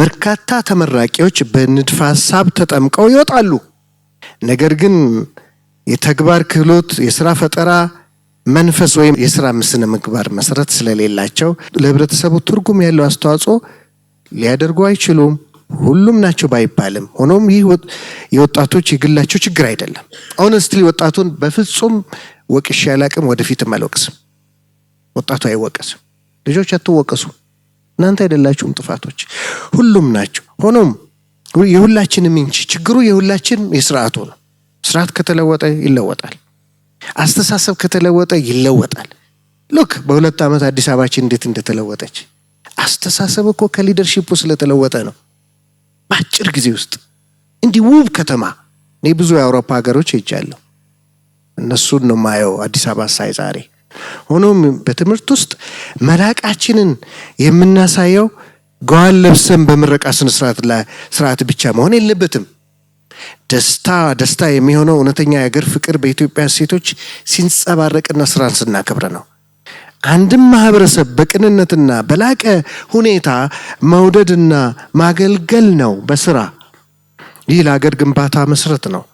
በርካታ ተመራቂዎች በንድፈ ሀሳብ ተጠምቀው ይወጣሉ። ነገር ግን የተግባር ክህሎት፣ የስራ ፈጠራ መንፈስ ወይም የስራ ስነ ምግባር መሰረት ስለሌላቸው ለህብረተሰቡ ትርጉም ያለው አስተዋጽኦ ሊያደርጉ አይችሉም። ሁሉም ናቸው ባይባልም፣ ሆኖም ይህ የወጣቶች የግላቸው ችግር አይደለም። ኦነስትሊ ወጣቱን በፍጹም ወቅሼ አላቅም፣ ወደፊትም አልወቅስም። ወጣቱ አይወቀስም። ልጆች አትወቀሱም። እናንተ አይደላችሁም ጥፋቶች፣ ሁሉም ናቸው። ሆኖም የሁላችንም ምንጭ ችግሩ የሁላችንም የስርዓቱ ነው። ስርዓት ከተለወጠ ይለወጣል። አስተሳሰብ ከተለወጠ ይለወጣል። ሉክ በሁለት ዓመት አዲስ አበባችን እንዴት እንደተለወጠች። አስተሳሰብ እኮ ከሊደርሺፑ ስለተለወጠ ነው። በአጭር ጊዜ ውስጥ እንዲህ ውብ ከተማ እኔ ብዙ የአውሮፓ ሀገሮች ሄጃለሁ። እነሱን ነው ማየው አዲስ አበባ ሳይ ዛሬ ሆኖም በትምህርት ውስጥ መላቃችንን የምናሳየው ጓል ለብሰን በምረቃ ስነስርዓት ስርዓት ብቻ መሆን የለበትም። ደስታ ደስታ የሚሆነው እውነተኛ የሀገር ፍቅር በኢትዮጵያ ሴቶች ሲንጸባረቅና ስራን ስናከብር ነው። አንድም ማህበረሰብ በቅንነትና በላቀ ሁኔታ መውደድና ማገልገል ነው። በስራ ይህ ለሀገር ግንባታ መሰረት ነው።